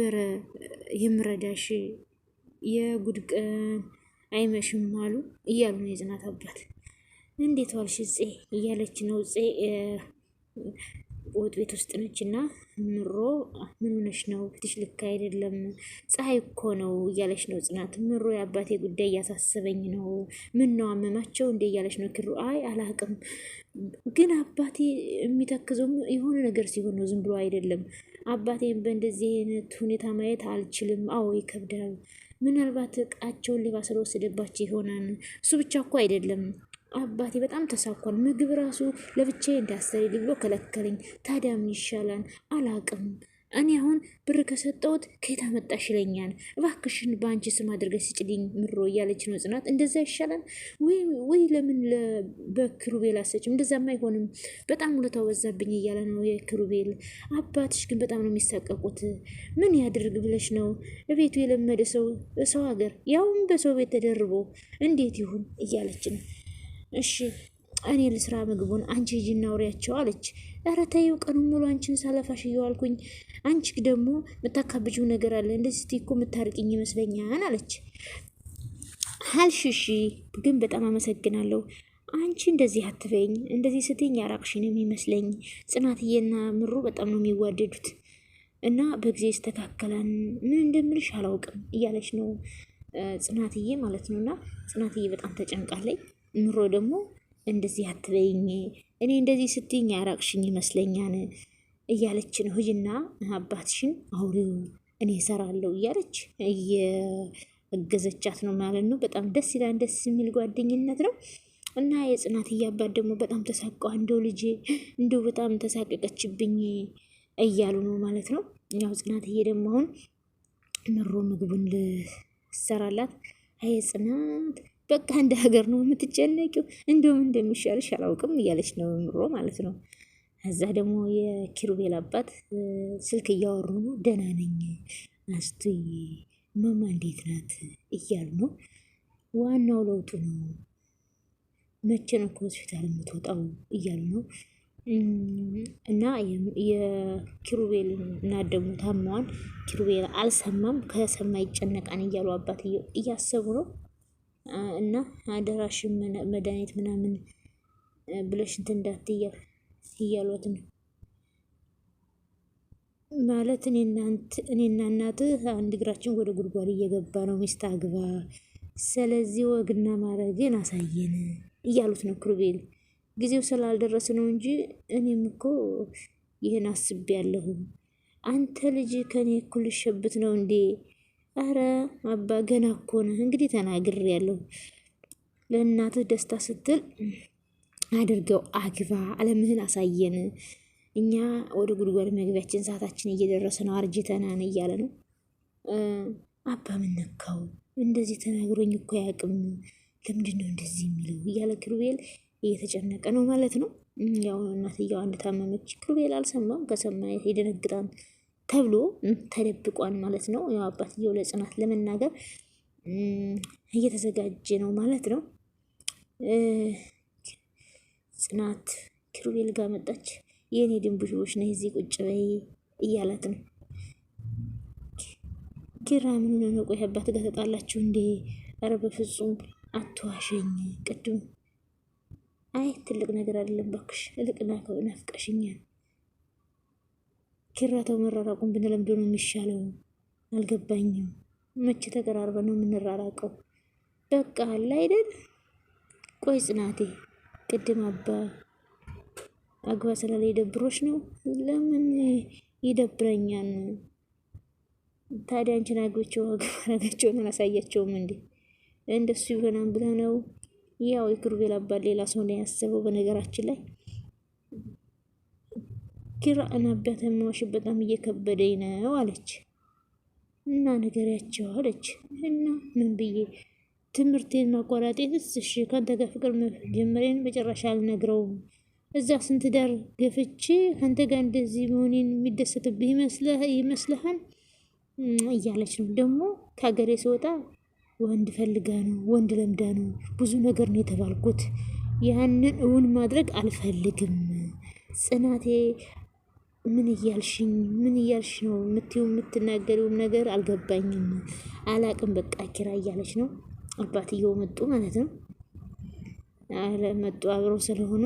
ነበረ የምረዳሽ የጉድ ቀን አይመሽም አሉ እያሉ ነው የጽናት አባት። እንዴት ዋልሽ ጼ እያለች ነው ጼ ወጥ ቤት ውስጥ ነች እና ምሮ ሆነሽ ነው? ፊትሽ ልክ አይደለም፣ ፀሐይ እኮ ነው እያለች ነው ጽናት። ምሮ የአባቴ ጉዳይ እያሳሰበኝ ነው። ምን ነው አመማቸው እንዴ እያለች ነው ክሩ። አይ አላቅም፣ ግን አባቴ የሚተክዘው የሆነ ነገር ሲሆን ነው፣ ዝም ብሎ አይደለም። አባቴን በእንደዚህ አይነት ሁኔታ ማየት አልችልም። አዎ ይከብዳል። ምናልባት እቃቸውን ሌባ ስለወሰደባቸው ይሆናል። እሱ ብቻ እኮ አይደለም አባቴ በጣም ተሳኳል። ምግብ ራሱ ለብቻዬ እንዳሰሪ ብሎ ከለከለኝ። ታዲያ ምን ይሻላል? አላቅም እኔ አሁን ብር ከሰጠውት ከየት አመጣሽ ይለኛል። እባክሽን በአንቺ ስም አድርገሽ ስጭልኝ ምሮ እያለች ነው ጽናት። እንደዛ ይሻላል ወይ ለምን በክሩቤል አሰችም? እንደዛም አይሆንም በጣም ውለታ ወዛብኝ እያለ ነው የክሩቤል አባትሽ። ግን በጣም ነው የሚሳቀቁት። ምን ያድርግ ብለሽ ነው ቤቱ የለመደ ሰው ሰው ሀገር ያውም በሰው ቤት ተደርቦ እንዴት ይሁን እያለች ነው እሺ እኔ ልስራ ምግቡን፣ አንቺ ሂጂ እናውሪያቸው አለች። ኧረ ተይው፣ ቀኑን ሙሉ አንቺን ሳለፋሽ እየዋልኩኝ አንቺ ደግሞ የምታካብጂው ነገር አለ። እንደዚህ ስትይ እኮ የምታርቅኝ ይመስለኛል አለች። ሀልሽሺ ግን በጣም አመሰግናለሁ። አንቺ እንደዚህ አትበይኝ፣ እንደዚህ ስትይኝ ያራቅሽን የሚመስለኝ። ጽናትዬና ምሩ በጣም ነው የሚዋደዱት እና በጊዜ ይስተካከላል። ምን እንደምልሽ አላውቅም እያለች ነው ጽናትዬ ማለት ነው። እና ጽናትዬ በጣም ተጨንቃለኝ። ምሮ ደግሞ እንደዚህ አትበይኝ፣ እኔ እንደዚህ ስትይኝ ያራቅሽኝ ይመስለኛል እያለች ነው። ሂጂና አባትሽን አውሪው እኔ እሰራለሁ እያለች እየገዘቻት ነው ማለት ነው። በጣም ደስ ይላል። ደስ የሚል ጓደኝነት ነው። እና የጽናት እያባት ደግሞ በጣም ተሳቋ፣ እንደው ልጄ እንደው በጣም ተሳቀቀችብኝ እያሉ ነው ማለት ነው። ያው ጽናትዬ ደግሞ አሁን ምሮ ምግቡን ልሰራላት አይ ጽናት በቃ እንደ ሀገር ነው የምትጨነቂው፣ እንደውም እንደሚሻልሽ አላውቅም እያለች ነው ምሮ ማለት ነው። እዛ ደግሞ የኪሩቤል አባት ስልክ እያወሩ ነው። ደህና ነኝ አስቱዬ፣ ማማ እንዴት ናት እያሉ ነው። ዋናው ለውጡ ነው። መቼ ነው ከሆስፒታል የምትወጣው እያሉ ነው። እና የኪሩቤል እና ደግሞ ታማዋን ኪሩቤል አልሰማም፣ ከሰማ ይጨነቃን እያሉ አባት እያሰቡ ነው። እና አደራሽ መድኃኒት ምናምን ብለሽ እንትን እንዳትያል እያሏት ነው ማለት እኔና እናትህ አንድ እግራችን ወደ ጉድጓድ እየገባ ነው፣ ሚስት አግባ፣ ስለዚህ ወግና ማረግን አሳየን እያሉት ነው። ክሩቤል ጊዜው ስላልደረስ ነው እንጂ እኔም እኮ ይህን ያለሁ አንተ ልጅ ከኔ እኩል ሸብት ነው እንዴ? አረ አባ ገና እኮ ነህ። እንግዲህ ተናግር ያለው ለእናትህ ደስታ ስትል አድርገው አግባ፣ አለምህን አሳየን። እኛ ወደ ጉድጓድ መግቢያችን ሰዓታችን እየደረሰ ነው፣ አርጅተናን እያለ ነው። አባ ምን እንደዚህ ተናግሮኝ እኮ ያቅም ለምንድን ነው እንደዚህ የሚለው? እያለ ክሩቤል እየተጨነቀ ነው ማለት ነው። ያው እናትየዋ እንደታመመች ክሩቤል አልሰማም። ከሰማ ይደነግጣል። ተብሎ ተደብቋል ማለት ነው። ያው አባትየው ለጽናት ለመናገር እየተዘጋጀ ነው ማለት ነው። ጽናት ክሩቤል ጋር መጣች። የእኔ ድንቡሽቦች ነይ እዚህ ቁጭ በይ እያላት ነው። ኪራ ምን ነው ቆይ አባት ጋር ተጣላችሁ እንዴ? ኧረ በፍጹም አትዋሸኝ። ቅድም አይ ትልቅ ነገር አይደለም እባክሽ፣ እልቅ ናፈቀሽኛል ኪራተው መራራቁን ብንለምዶ ነው የሚሻለው። አልገባኝም። መቼ ተቀራርበ ነው የምንራራቀው? በቃ አለ አይደል? ቆይ ጽናቴ፣ ቅድም አባ አግባ ስላለ የደብሮች ነው? ለምን ይደብረኛል? ታዲያ አንቺን አግብቼው አግባራጋቸው ምን አሳያቸውም እንዴ? እንደሱ ይሆናል ብለህ ነው? ያው የክሩቤል አባት ሌላ ሰው ነው ያሰበው በነገራችን ላይ ኪራ እናቢያት የማዋሽ በጣም እየከበደኝ ነው አለች። እና ነገሪያቸው አለች። እና ምን ብዬ ትምህርቴን ማቋረጤን እሺ፣ ከአንተ ጋር ፍቅር መጀመሬን መጨረሻ አልነግረውም። እዛ ስንት ዳር ገፍቼ ከአንተ ጋር እንደዚህ መሆኔን የሚደሰትብህ ይመስልሃል? እያለች ነው ደግሞ ከሀገሬ ስወጣ ወንድ ፈልጋ ነው ወንድ ለምዳ ነው ብዙ ነገር ነው የተባልኩት። ያንን እውን ማድረግ አልፈልግም ጽናቴ ምን እያልሽኝ ምን እያልሽ ነው የምትይው የምትናገሪውም ነገር አልገባኝም፣ አላቅም በቃ ኪራ እያለች ነው። አባትየው መጡ ማለት ነው። መጡ አብረው ስለሆኑ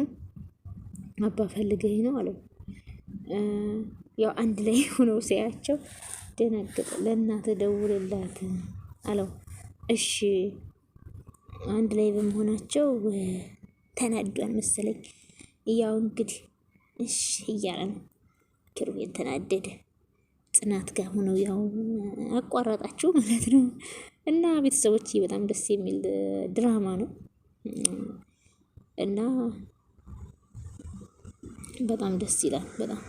አባ ፈልገኝ ነው አለው። ያው አንድ ላይ ሆነው ሲያቸው ደነገጠ። ለእናተ ደውልላት አለው። እሺ አንድ ላይ በመሆናቸው ተናዷን መሰለኝ። ያው እንግዲህ እሺ እያለ ነው ኪሩቤል ተናደደ። ጽናት ጋር ሆነው ያው አቋረጣችሁ ማለት ነው። እና ቤተሰቦች በጣም ደስ የሚል ድራማ ነው እና በጣም ደስ ይላል። በጣም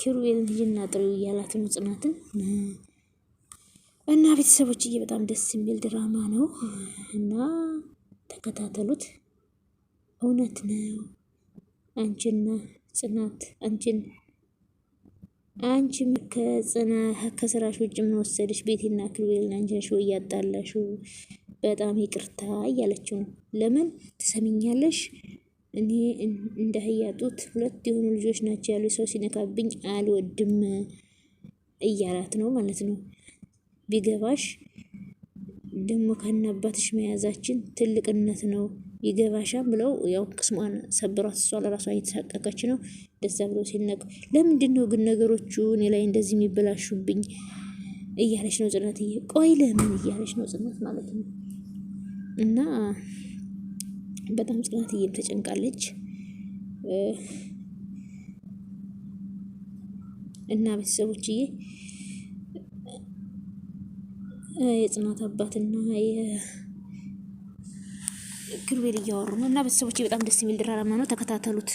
ኪሩቤል ልጅና ጥሪው እያላት ነው ጽናትን እና ቤተሰቦችዬ በጣም ደስ የሚል ድራማ ነው እና ተከታተሉት። እውነት ነው አንቺና ጽናት አንቺን አንቺም ከጽና ከስራሽ ውጭ ምን ወሰደሽ? ቤቴና ክልቤልና አንቺ ወይ ያጣላሽው? በጣም ይቅርታ እያለችው ነው። ለምን ትሰሚኛለሽ? እኔ እንዳያጡት ሁለት የሆኑ ልጆች ናቸው ያሉ ሰው ሲነካብኝ አልወድም እያላት ነው ማለት ነው። ቢገባሽ ደግሞ ከነ አባትሽ መያዛችን ትልቅነት ነው። ይገባሻም ብለው ያው ቅስሟን ሰብሯት እሷ ለራሷ እየተሳቀቀች ነው። ደዛ ብሎ ሲነቅ ለምንድን ነው ግን ነገሮቹ እኔ ላይ እንደዚህ የሚበላሹብኝ እያለች ነው ጽናት። ቆይ ለምን እያለች ነው ጽናት ማለት ነው። እና በጣም ጽናትዬም ተጨንቃለች። እና ቤተሰቦችዬ የጽናት አባትና ግርቤል እያወሩ ነው እና ቤተሰቦች በጣም ደስ የሚል ድራማ ነው። ተከታተሉት።